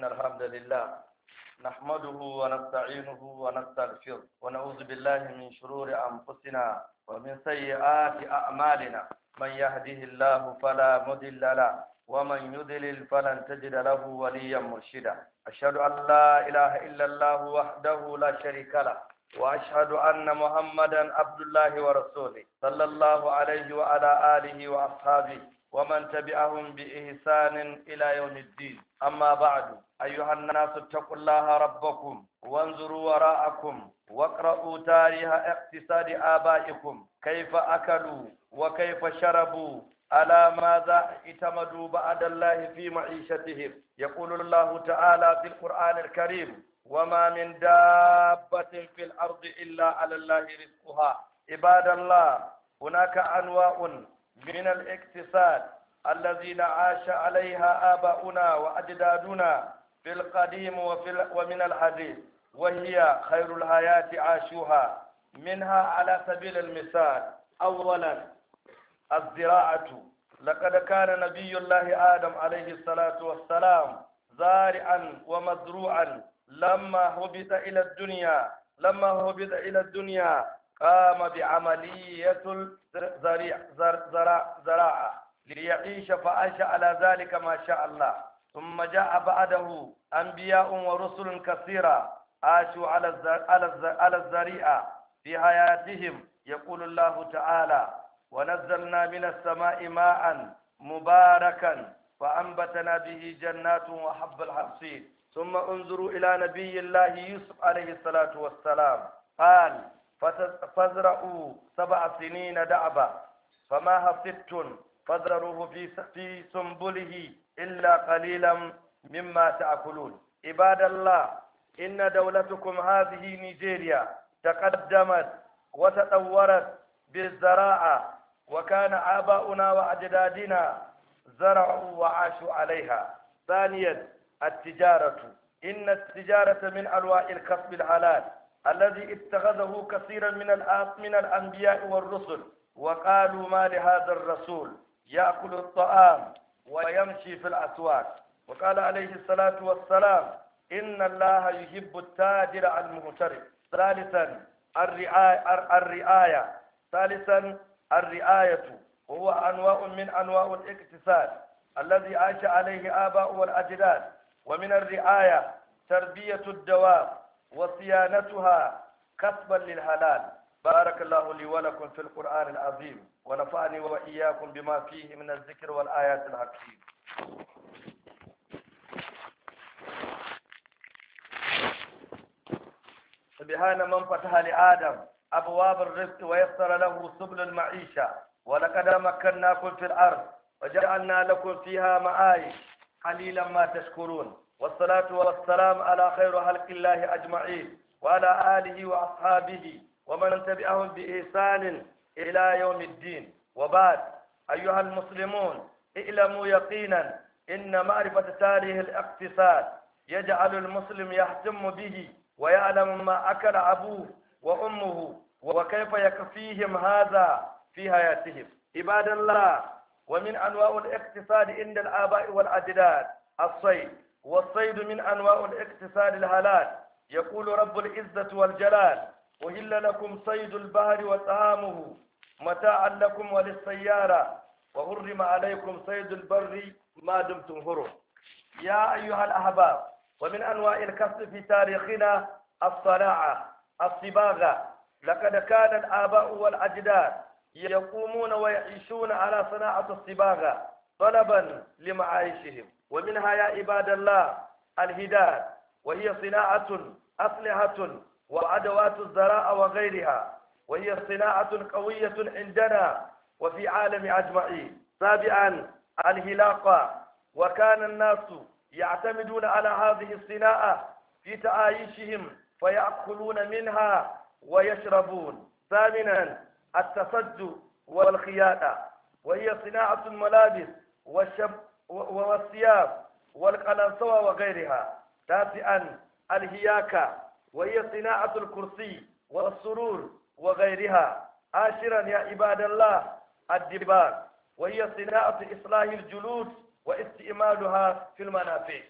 إن الحمد لله نحمده ونستعينه ونستغفره ونعوذ بالله من شرور أنفسنا ومن سيئات أعمالنا من يهده الله فلا مضل له ومن يضلل فلن تجد له وليا مرشدا أشهد أن لا إله إلا الله وحده لا شريك له وأشهد أن محمدا عبد الله ورسوله صلى الله عليه وعلى آله وأصحابه ومن تبعهم بإحسان إلى يوم الدين أما بعد أيها الناس اتقوا الله ربكم وانظروا وراءكم واقرأوا تاريخ اقتصاد آبائكم كيف أكلوا وكيف شربوا على ماذا اعتمدوا بعد الله في معيشتهم يقول الله تعالى في القرآن الكريم وما من دابة في الأرض إلا على الله رزقها عباد الله هناك أنواع من الاقتصاد الذين عاش عليها آباؤنا وأجدادنا في القديم وفي ال... ومن الحديث وهي خير الآيات عاشوها منها على سبيل المثال أولا الزراعة لقد كان نبي الله آدم عليه الصلاة والسلام زارعا ومزروعا لما هبط إلى الدنيا لما هبط إلى الدنيا قام بعملية الزراعة ليعيش فأنشأ على ذلك ما شاء الله ثم جاء بعده أنبياء ورسل كثيرة عاشوا على الزريعة في حياتهم يقول الله تعالى ونزلنا من السماء ماء مباركا فأنبتنا به جنات وحب الحصيد ثم انظروا إلى نبي الله يوسف عليه الصلاة والسلام قال فازرعوا سبع سنين دعبا فما حصدتم فازرعوه في في سنبله إلا قليلا مما تأكلون عباد الله إن دولتكم هذه نيجيريا تقدمت وتطورت بالزراعة وكان آباؤنا وأجدادنا زرعوا وعاشوا عليها ثانيا التجارة إن التجارة من أنواع الكسب الحلال الذي اتخذه كثيرا من من الأنبياء والرسل وقالوا ما لهذا الرسول يأكل الطعام ويمشي في الأسواق وقال عليه الصلاة والسلام إن الله يحب التاجر المغترب ثالثا الرعاية, الرعاية ثالثا الرعاية وهو أنواع من أنواع الاقتصاد الذي عاش عليه آباء والأجداد ومن الرعاية تربية الدواب وصيانتها كسبا للحلال بارك الله لي ولكم في القرآن العظيم ونفعني وإياكم بما فيه من الذكر والآيات الحكيم سبحان من فتح لآدم أبواب الرزق ويسر له سبل المعيشة ولقد مكناكم في الأرض وجعلنا لكم فيها معايش قليلا ما تشكرون والصلاة والسلام على خير خلق الله أجمعين وعلى آله وأصحابه ومن تبعهم بإحسان إلى يوم الدين وبعد أيها المسلمون اعلموا يقينا إن معرفة تاريخ الاقتصاد يجعل المسلم يهتم به ويعلم ما أكل أبوه وأمه وكيف يكفيهم هذا في حياتهم عباد الله ومن أنواع الاقتصاد عند الآباء والأجداد الصيد والصيد من أنواع الاقتصاد الحلال يقول رب العزة والجلال أهل لكم صيد البحر وطعامه متاعا لكم وللسيارة وحرم عليكم صيد البر ما دمتم هرم يا أيها الأحباب ومن أنواع الكسب في تاريخنا الصناعة الصباغة لقد كان الآباء والأجداد يقومون ويعيشون على صناعة الصباغة طلبا لمعايشهم ومنها يا عباد الله الهداد وهي صناعة أسلحة وأدوات الزراعة وغيرها وهي صناعة قوية عندنا وفي عالم أجمعين سابعا الهلاقة وكان الناس يعتمدون على هذه الصناعة في تعايشهم فيأكلون منها ويشربون ثامنا التفجر والخياطة وهي صناعة الملابس والشب والثياب والقلنسوة وغيرها تاسعا الهياكة وهي صناعة الكرسي والسرور وغيرها عاشرا يا عباد الله الدبار وهي صناعة إصلاح الجلود واستعمالها في المنافع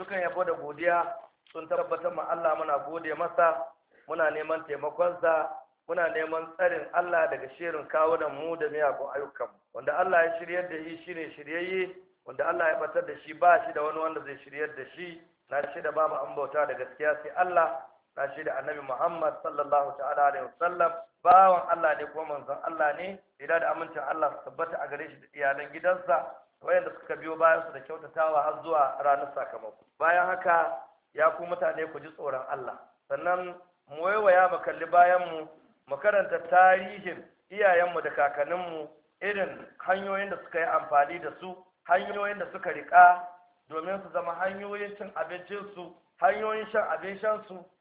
dukan yabo da godiya sun tabbatar ma Allah muna gode masa muna neman taimakonsa muna neman tsarin Allah daga shirin kawunan mu da miyagun ayyukan wanda Allah ya shiryar da shi shine shiryayye wanda Allah ya batar da shi ba shi da wani wanda zai shiryar da shi na shi da babu an bauta da gaskiya sai Allah na shi da annabi Muhammad sallallahu ta'ala alaihi wasallam bawan Allah ne kuma manzon Allah ne idan da amincin Allah su tabbata a gare shi da iyalan gidansa wayanda suka biyo bayan su da kyautatawa har zuwa ranar sakamako bayan haka ya ku mutane ku ji tsoron Allah sannan mu waiwaya mu kalli bayan mu mu karanta tarihin iyayenmu da kakanninmu irin hanyoyin da suka yi amfani da su hanyoyin da suka riƙa domin su zama hanyoyin cin abincinsu hanyoyin shan abin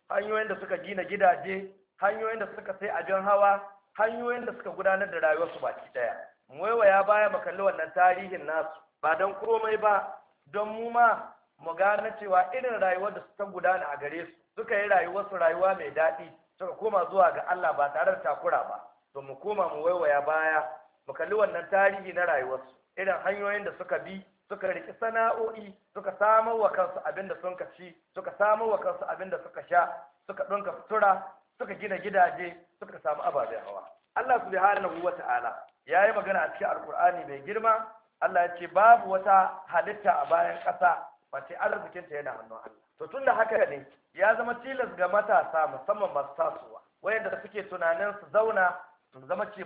hanyoyin da suka gina gidaje hanyoyin da suka sai abin hawa hanyoyin da suka gudanar da rayuwarsu baki ɗaya mu ya baya mu kalli wannan tarihin nasu ba don komai ba don mu ma mu gane cewa irin rayuwar da suka gudana a gare su suka yi rayuwarsu rayuwa mai daɗi suka koma zuwa ga Allah ba tare da takura ba to mu koma mu waiwaya baya mu kalli wannan tarihi na rayuwarsu irin hanyoyin da suka bi suka riki sana'o'i suka samar wa kansu abin da sun ci suka samar wa kansu abin da suka sha suka ɗinka sutura suka gina gidaje suka samu ababen hawa Allah subhanahu wa ta'ala ya yi magana a cikin alkur'ani mai girma Allah ya ce babu wata halitta a bayan ƙasa face arzikinta yana hannun Allah to tun da haka ne ya zama tilas ga matasa musamman masu tasowa wayanda suke tunanin su zauna su zama ce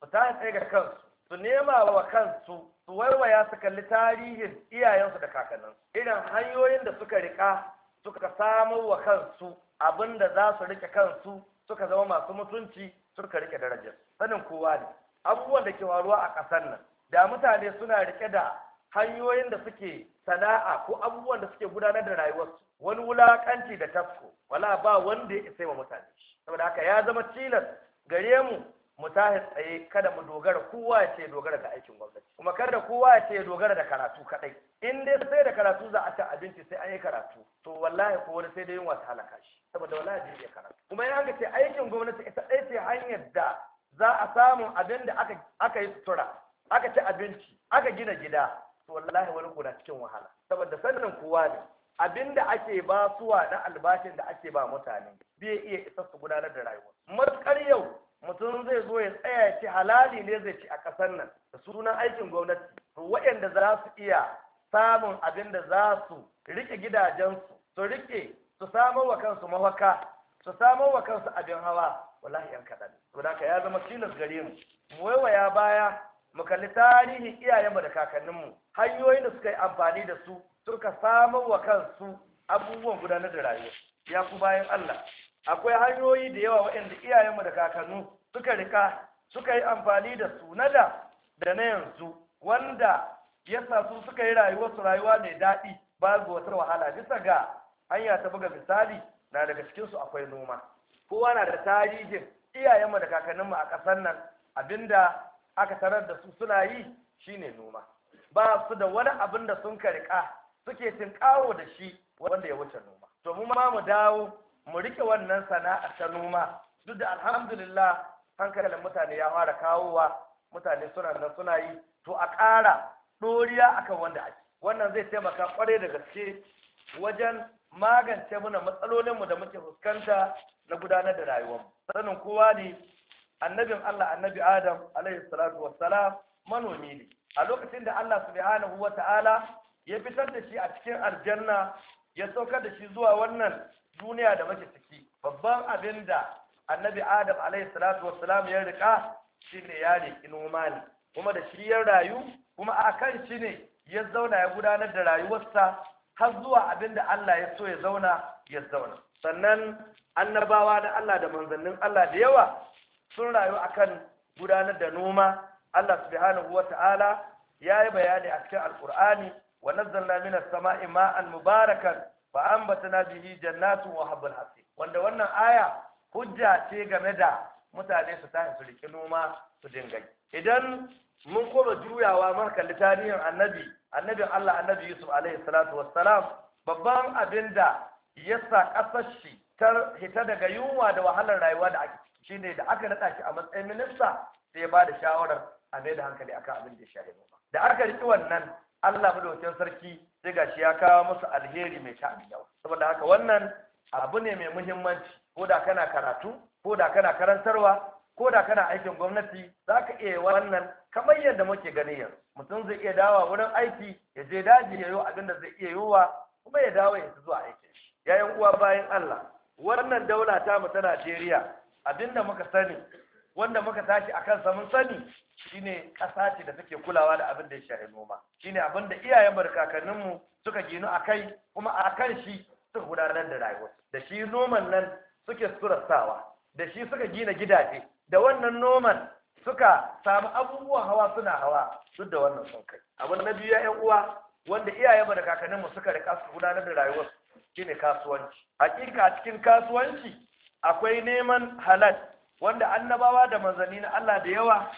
su ta tsaye ga kansu su nema wa kansu su waiwaya su kalli tarihin iyayensu da kakanninsu irin hanyoyin da suka rika suka samo wa kansu abin da za su rike kansu suka zama masu mutunci suka rike darajar sanin kowa ne abubuwan da ke waruwa a ƙasar nan da mutane suna rike da hanyoyin da suke sana'a ko abubuwan da suke gudanar da rayuwarsu wani wulakanci da tafko wala ba wanda ya isa wa mutane saboda haka ya zama tilas gare mu mu tahi tsaye kada mu dogara kowa ya ce dogara da aikin gwamnati kuma kada kowa ya ce dogara da karatu kadai in dai sai da karatu za a ta abinci sai an yi karatu to wallahi ko wani sai dai yunwa ta halaka shi saboda wallahi zai iya karatu kuma yana ga ce aikin gwamnati ita ɗaya ce hanyar da za a samu abin da aka aka yi sutura aka ci abinci aka gina gida to wallahi wani kuna cikin wahala saboda sannan kowa ne abinda ake ba suwa na albashin da ake ba mutane bai iya isa su gudanar da rayuwa matukar yau mutum zai zo ya tsaya ya ce halali ne zai ci a ƙasar nan da sunan aikin gwamnati waɗanda za su iya samun abin da za su rike gidajensu su rike su samar wa kansu mafaka su samar wa kansu abin hawa wallahi yan kaɗan to da ya zama tilas gare mu mu waiwaya baya mu kalli tarihin iyayenmu da kakanninmu hanyoyin da suka yi amfani da su suka samar wa kansu abubuwan gudanar da rayuwa ya ku bayan Allah akwai hanyoyi da yawa waɗanda iyayenmu da kakannu suka rika suka yi amfani da su na da da na yanzu wanda ya sa su suka yi su rayuwa mai daɗi babu wata wahala bisa ga hanya ta buga misali na daga cikinsu akwai noma kowa na da tarihin iyayenmu da kakanninmu a ƙasar nan abinda aka tarar da su suna yi shine noma ba su da wani abin da sun karika suke cin kawo da shi wanda ya wuce noma to mu ma mu dawo mu rike wannan sana'a ta noma duk da alhamdulillah hankalin mutane ya fara kawowa mutane suna nan suna yi to a ƙara ɗoriya akan wanda ake wannan zai taimaka kwarai da gaske wajen magance mana matsalolinmu da muke fuskanta na gudanar da rayuwarmu sanin kowa ne annabin Allah annabi Adam alaihi salatu wassalam manomi ne a lokacin da Allah subhanahu wata'ala ya fitar da shi a cikin aljanna ya saukar da shi zuwa wannan duniya da muke ciki babban abin da annabi Adam alaihi salatu wassalam ya rika shine ya riki noma ne kuma da shi ya rayu kuma akan shi ne ya zauna ya gudanar da rayuwarsa har zuwa abin da Allah ya so ya zauna ya zauna sannan annabawa da Allah da manzannin Allah da yawa sun rayu akan gudanar da noma Allah subhanahu wata'ala ya yi bayani a cikin alkur'ani wa nazzalna minas sama'i ma'an mubarakan fa ambatna bihi jannatin wa habbal hasi wanda wannan aya hujja ce game da mutane su tashi su noma su dinga idan mun koma juyawa mun kalli tarihin annabi annabin Allah annabi Yusuf alaihi salatu wassalam babban abin da ya sa kasar shi hita daga yunwa da wahalar rayuwa da ake Shi ne da aka naɗa shi a matsayin minista sai ya ba da shawarar a mai da hankali akan abin da ya shafi da aka riƙi wannan Allah madaukakin sarki sai gashi ya kawo musu alheri mai ta'ani yawa saboda haka wannan abu ne mai muhimmanci ko da kana karatu ko da kana karantarwa ko da kana aikin gwamnati za ka iya wannan kamar yadda muke ganin yanzu mutum zai iya dawa wurin aiki ya je daji ya yi abin da zai iya yiwa kuma ya dawo ya zuwa aikin shi yayin uwa bayan Allah wannan daula ta mu ta Najeriya abinda muka sani wanda muka tashi a kansa mun sani shine kasa ce da take kulawa da abin da ya shahi noma shine abin da iyayen mu suka gino a kai kuma a kan shi suka gudanar da rayuwa da shi noman nan suke surasawa da shi suka gina gidaje da wannan noman suka samu abubuwan hawa suna hawa duk da wannan sun kai abin na biyu ya'yan uwa wanda iyayen mu suka rika su gudanar da rayuwa shine kasuwanci hakika cikin kasuwanci akwai neman halal wanda annabawa da manzanni na Allah da yawa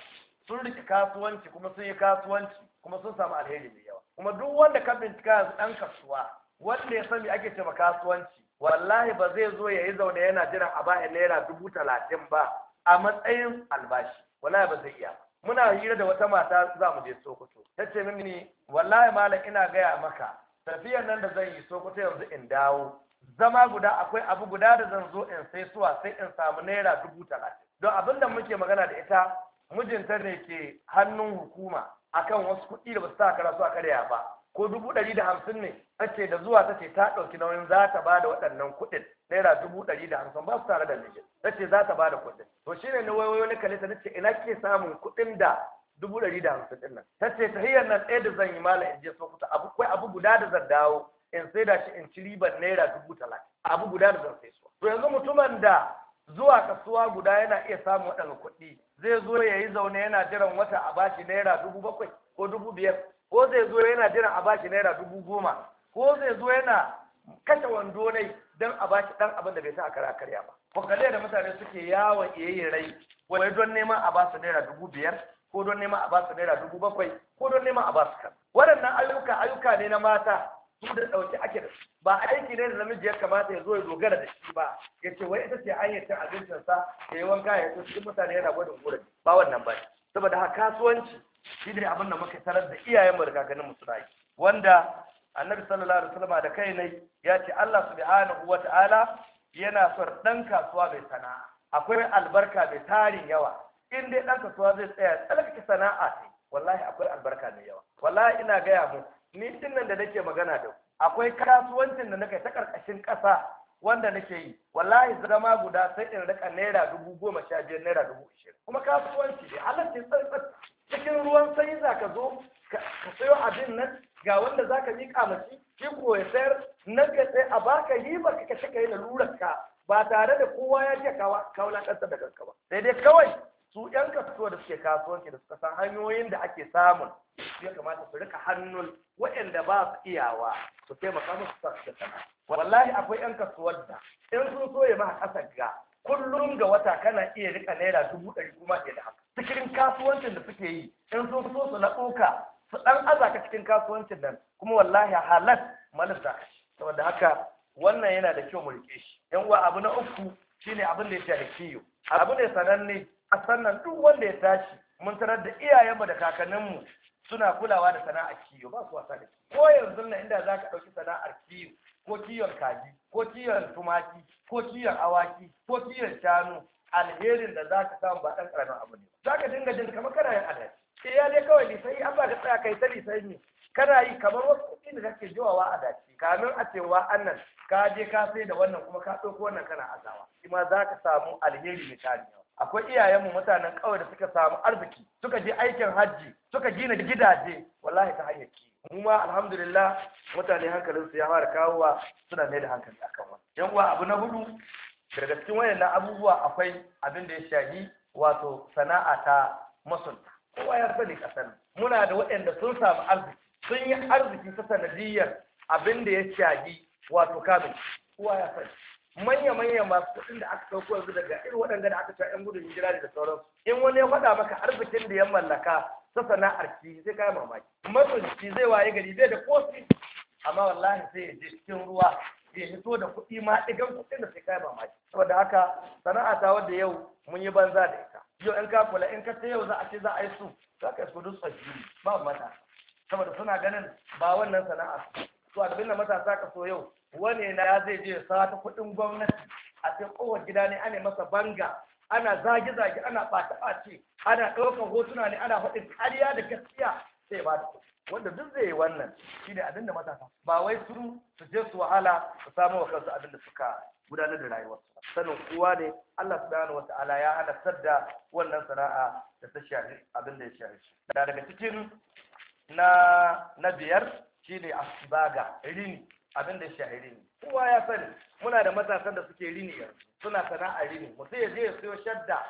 sun rike kasuwanci kuma sun yi kasuwanci kuma sun samu alheri da yawa kuma duk wanda ka bincika yanzu dan kasuwa wanda ya sani ake cewa kasuwanci wallahi ba zai zo ya yi zaune yana jiran a bayan naira dubu talatin ba a matsayin albashi wallahi ba zai iya muna hira da wata mata za mu je sokoto ta ce mini wallahi malam ina gaya maka tafiyar nan da zan yi sokoto yanzu in dawo zama guda akwai abu guda da zan zo in sai suwa sai in samu naira dubu talatin don abin da muke magana da ita mijinta ne ke hannun hukuma akan wasu kuɗi da ba su kara su a karya ba ko dubu ɗari da hamsin ne ce da zuwa ta ce ta ɗauki nauyin za ta ba da waɗannan kuɗin naira dubu ɗari da hamsin ba su tare da mijin ta ce za ta ba da kuɗin to shi ne na wayoyi na kalita na ce ina ke samun kuɗin da dubu ɗari da hamsin ɗin nan ta ce ta hiyar nan ɗaya da zan yi malam in je sokuta Akwai abu guda da zan dawo in sai da shi in ci ribar naira dubu talatin abu guda da zan sai su to yanzu mutumin da zuwa kasuwa guda yana iya samun waɗanda kuɗi zai zo ya yi zaune yana jiran wata a bashi naira dubu bakwai ko dubu biyar ko zai zo yana jiran a bashi naira dubu goma ko zai zo yana kashe wando ne don a bashi ɗan abin da bai sa a kara karya ba kwakwale da mutane suke yawon iyayen rai wai don neman a basu naira dubu biyar ko don neman a basu naira dubu bakwai ko don neman a basu kan waɗannan ayyuka ayyuka ne na mata su da ɗauki ake da ba aiki ne da namiji ya kamata ya zo ya dogara da shi ba ya ce wai ita ce hanyar cin sa ya yi wanka ya cikin mutane yana gwada gura ba wannan ba saboda haka kasuwanci shi ne abin da muka tarar da iyayen mu da mu suna wanda annabi sallallahu alaihi wasallam da kai ne ya ce Allah subhanahu wata'ala yana son dan kasuwa mai sana'a akwai albarka mai tarin yawa in dai dan kasuwa zai tsaya tsalaka sana'a wallahi akwai albarka mai yawa wallahi ina gaya mu ni nan da nake magana da akwai kasuwancin da nake ta karkashin kasa wanda nake yi wallahi zama guda sai in rika naira dubu goma sha biyar naira dubu ishirin kuma kasuwanci ne halarci tsantsan cikin ruwan sanyi za ka zo ka sayo abin nan ga wanda za ka yi kamaci shi ko ya sayar nan ka sai a baka yi ba ka kashe ka yi lalurar ka ba tare da kowa ya ce ka wulaƙanta da kanka ba sai dai kawai su yan kasuwa da suke kasuwanci da suka san hanyoyin da ake samun ya kamata su rika hannun waɗanda ba su iyawa su taimaka musu sa su sana wallahi akwai yan kasuwar da in sun so ya maha ga kullum ga wata kana iya rika naira dubu ɗari kuma ɗaya da haka cikin kasuwancin da suke yi in sun so su na ɗauka su ɗan azaka cikin kasuwancin nan kuma wallahi halas malar da saboda haka wannan yana da kyau mu rike shi yan wa abu na uku shine abin da ya shafi kiyo abu ne sananne A sannan duk wanda ya tashi mun tarar da iyayenmu da kakanninmu suna kulawa da sana'ar kiyo ba su wasa da kiyo ko yanzu nan inda za ka ɗauki sana'ar kiyo ko kiyon kaji ko kiyon tumaki ko kiyon awaki ko kiyon shanu alherin da za ka samu ba ɗan ƙaramin abu ne za ka dinga jin kamar kana yin adalci ya dai kawai lisai an ba ka tsaya kai ta lisai ne kana yi kamar wasu kuɗi da kake jiwawa a dace kamin a cewa annan ka je ka sai da wannan kuma ka ɗauko wannan kana azawa shi ma za ka samu alheri ne ta akwai iyayenmu mutanen kawai da suka samu arziki suka je aikin hajji suka gina gidaje wallahi ta hanyar ki mu ma alhamdulillah mutane su ya fara kawowa suna mai da hankali akan wani. yan uwa abu na hudu daga cikin wayannan abubuwa akwai abin da ya shahi wato sana'a ta masunta kowa ya sani kasar muna da waɗanda sun samu arziki sun yi arziki ta sanadiyar abin da ya shahi wato kamin kowa ya sani manya-manya masu kuɗin da aka sauko yanzu daga irin waɗanda da aka ta ɗan gudun hijira da sauransu in wani ya faɗa maka arzikin da ya mallaka ta sana'ar ci sai kai mamaki matsinci zai waye gari bai da kofi amma wallahi sai ya je cikin ruwa ya fito da kuɗi ma ɗigan kuɗin da sai kai mamaki saboda haka sana'a ta wadda yau mun yi banza da ita yau in ka kula in ka ta yau za a ce za a yi su za ka yi su a jini. ba mata saboda suna ganin ba wannan sana'a Su abin da matasa ka so yau wani na ya zai je ta kuɗin gwamnati a cikin kowar gida ne ana masa banga ana zage-zage ana ɓata ɓace ana ɗaukar hotuna ne ana faɗin kariya da gaskiya sai ba da wanda duk zai yi wannan shine da matasa ba wai su su je su wahala su samu wa kansu da suka gudanar da rayuwarsu sanin kowa ne Allah subhanahu wata'ala ya halartar da wannan sana'a da ta shafi abin da ya shafi Na daga cikin na na biyar shine asbaga rini abin da shi rini kowa ya sani muna da matasan da suke rini yanzu suna sana'a rini mutum ya je ya siyo shadda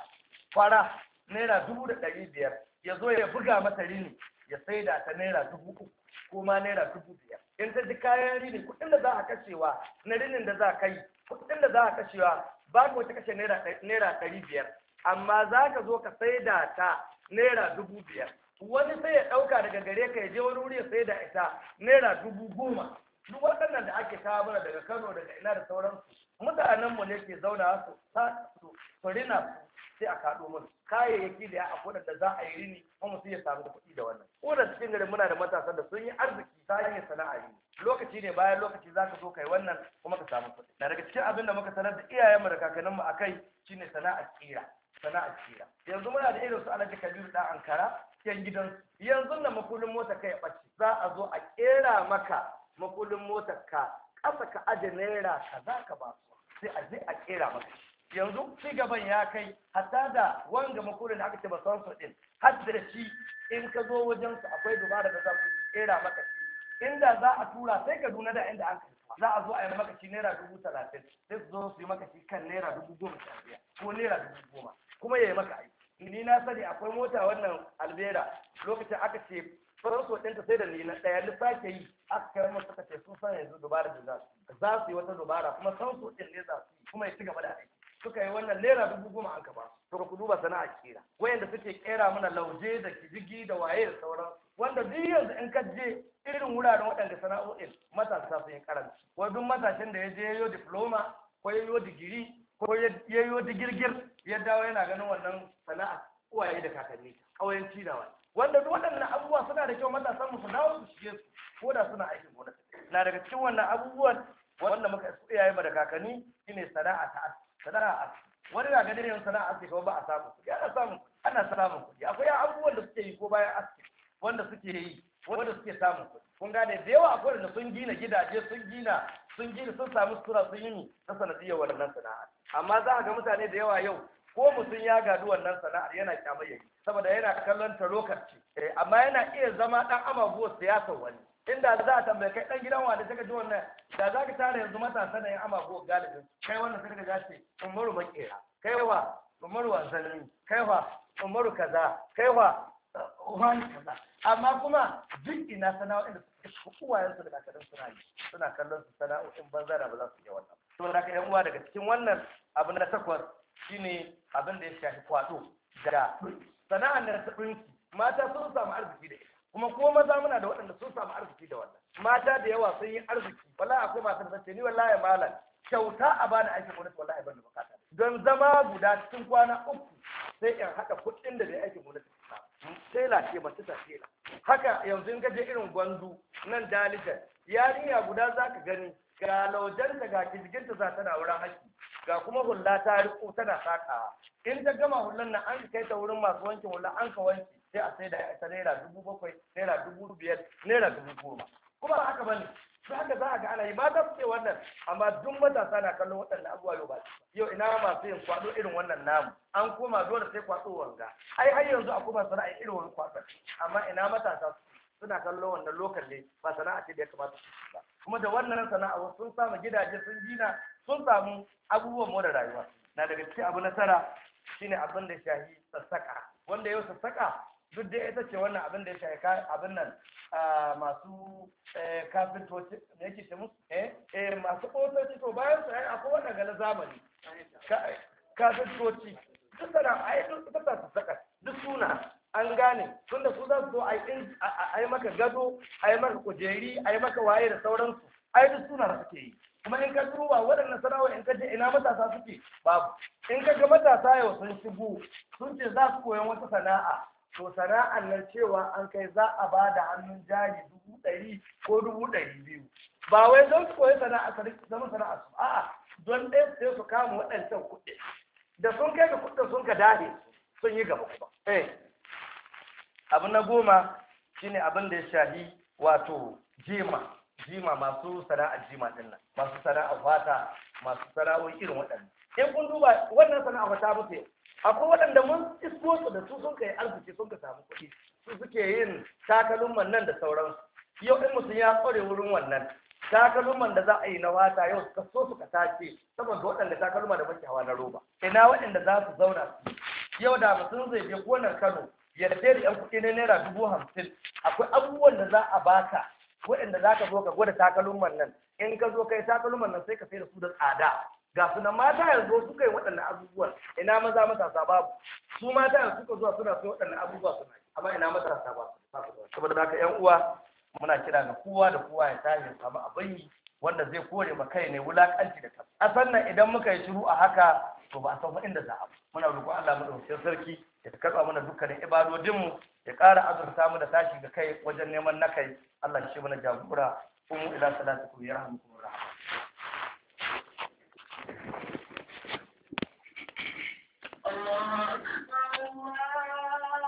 fara naira dubu da ɗari biyar ya zo ya buga mata rini ya saida ta naira dubu uku ko ma naira dubu biyar in ta ji kayan rini kuɗin da za a kashewa na rinin da za a kai kuɗin da za a kashewa ba ka wata kashe naira ɗari biyar amma za ka zo ka saida ta naira dubu biyar wani sai ya ɗauka daga gare ka ya je wani wuri ya saida ita naira dubu goma duk waɗannan da ake kawo mana daga kano daga ina da sauransu mutanenmu ne ke zauna su su rina sai a kaɗo mun kayayyaki da ya a da za a yi rini kuma mutum ya samu da kuɗi da wannan ko cikin gari muna da matasan da sun yi arziki ta yi sana'a yi lokaci ne bayan lokaci za ka zo kai wannan kuma ka samu kuɗi na daga cikin abin da muka sanar da iyayenmu da kakanninmu a kai shine sana'a kira sana'a kira yanzu muna da irin su alhaji kabiru da ankara cikin gidan yanzu na makulin mota kai ya ɓace za a zo a ƙera maka makullin motar ka ƙasa ka aje naira ka za ka ba su sai a zai a kera maka yanzu ci gaban ya kai hatta da wanga makullin da aka ce ba su din har shi in ka zo wajen su akwai dubara da za su kera maka shi inda za a tura sai ka duna da inda an kai za a zo a yi maka shi naira dubu talatin sai su zo su yi maka shi kan naira dubu goma sha biyar ko naira dubu goma kuma ya yi maka aiki ni na sani akwai mota wannan albera lokacin aka ce farko ɗinta sai da na ɗaya duk sake yi aka kai mu suka ce sun san yanzu dubara da za su za su yi wata dubara kuma san su ɗin ne za su kuma ya ci gaba da aiki suka yi wannan naira dubu goma an kaba to ku duba sana'a kera wayanda suke kera mana lauje da kijigi da waye da sauran wanda duk yanzu in ka je irin wuraren waɗanda sana'o'in matasa sun yi karanci Wai duk matashin da ya je yayo diploma ko yayo digiri ko yayo digirgir ya dawo yana ganin wannan sana'a uwaye da kakanni ƙauyen wani. wanda duk waɗannan abubuwa suna da kyau matasan mu su dawo su shige su ko da suna aikin gona na daga cikin wannan abubuwan wanda muka iyaye mu da kakanni shine sana'a ta sana'a wani na ganin yin sana'a ce kuma ba a samu kuɗi ana samun ana samun kuɗi akwai abubuwan da suke yi ko bayan aski wanda suke yi wanda suke samun kuɗi kun gane da yawa akwai da sun gina gidaje sun gina sun gina sun samu sura sun yi ta sanadiyar wannan sana'a amma za ka ga mutane da yawa yau ko mutum ya gadu wannan sana'ar yana kyamaye saboda yana kallon ta lokaci eh, amma yana iya zama dan amago siyasar wani inda za a tambaye kai dan gidan wani suka ji wannan da za ka tara yanzu matasa na yin amago galibin kai wannan sai ka ga umaru makera kai wa umaru wasanni kai wa umaru kaza kai wa uh, wani kaza amma kuma duk ina sana'o'in da suke uwayensu da kadan suna yi suna kallon su sana'o'in banza da ba za su yi wannan saboda haka yan uwa daga cikin wannan abu na takwas shi ne abin da ya shafi kwado da sana'ar da mata sun samu arziki da ita kuma ko maza muna da waɗanda sun samu arziki da wannan mata da yawa sun yi arziki wala akwai masu da ni wallahi malam kyauta a bani aikin gwamnati wallahi ban da bukata don zama guda cikin kwana uku sai in haɗa kuɗin da bai aikin gwamnati tela ce mace ta tela haka yanzu in gaje irin gwandu nan dalijan yarinya guda za ka gani ga laujanta ga kirginta za tana wurin haƙƙi ga kuma hulla ta riko tana saka in ta gama hullan nan an kai ta wurin masu wankin hulla an ka wanki sai a sai da ita naira dubu bakwai naira dubu biyar naira dubu goma kuma ba ne su haka za a ga ana yi ba ta ce wannan amma duk matasa na kallon waɗannan abubuwa yau ba yau ina masu yin kwaɗo irin wannan namu an koma dole sai kwaɗo wanga ai har yanzu a kuma sana'a irin wani kwaɗo amma ina matasa suna kallon wannan lokal ne ba sana'a ce da ya kamata su ba kuma da wannan sana'a sun samu gidaje sun gina sun samu abubuwan more rayuwa na daga cikin abu nasara, shine abin da shahi sassaka wanda yau sassaka duk da ita ce wannan abin da ya shahi abin nan masu e, kafintoci da yake ce musu eh e, masu kotoci to bayan su ai akwai wanda gala zamani kafintoci duk da ai duk ita ta sassaka duk suna an gane tunda su za su zo a yi maka gado a yi maka kujeri a yi maka waye da sauransu ai duk suna suke yi kuma in ka duba waɗannan sana'o'in in ka je ina matasa suke babu in ka ga matasa yau sun shigo sun ce za su koyan wata sana'a to sana'an nan cewa an kai za a ba da hannun jari dubu ɗari ko dubu ɗari biyu ba wai don su koyi sana'a zama sana'a su a'a don ɗaya su su kama waɗancan kuɗi da sun kai da kuɗin sun ka dare sun yi gaba kuma eh abu na goma shine abin da ya shahi wato jima jima masu sana'ar jima din nan masu sana'ar fata masu sana'ar irin waɗannan in kun duba wannan sana'ar ta mutu akwai waɗanda mun isko su da su sun kai arziki sun ka samu kuɗi su suke yin takalumman nan da sauransu yau in mutum ya kware wurin wannan takalumman da za a yi na wata yau ka so su ka tace saboda waɗanda takalma da muke hawa na roba ina waɗanda za su zauna su yau da mutum zai je gonar kano ya da yan kuɗi na naira dubu hamsin akwai abubuwan da za a baka waɗanda za ka zo ka gwada takalman nan in ka zo kai takalman nan sai ka sai da su da tsada ga su nan mata yanzu suka yi waɗannan abubuwan ina maza matasa babu su mata yanzu suka zuwa suna sai waɗannan abubuwa suna amma ina matasa ba saboda haka yan uwa muna kira ga kowa da kowa ya tashi ya samu abin yi wanda zai kore ma kai ne wulakanci da kasa. A sannan idan muka yi shiru a haka to ba a san inda za a muna roƙon Allah mu ɗauke sarki ya karba mana dukkanin ibadodinmu ya ƙara azurta mu da tashi ga kai wajen neman na kai Allah shi mana jagora kuma ila salatu ya rahmukum rahmat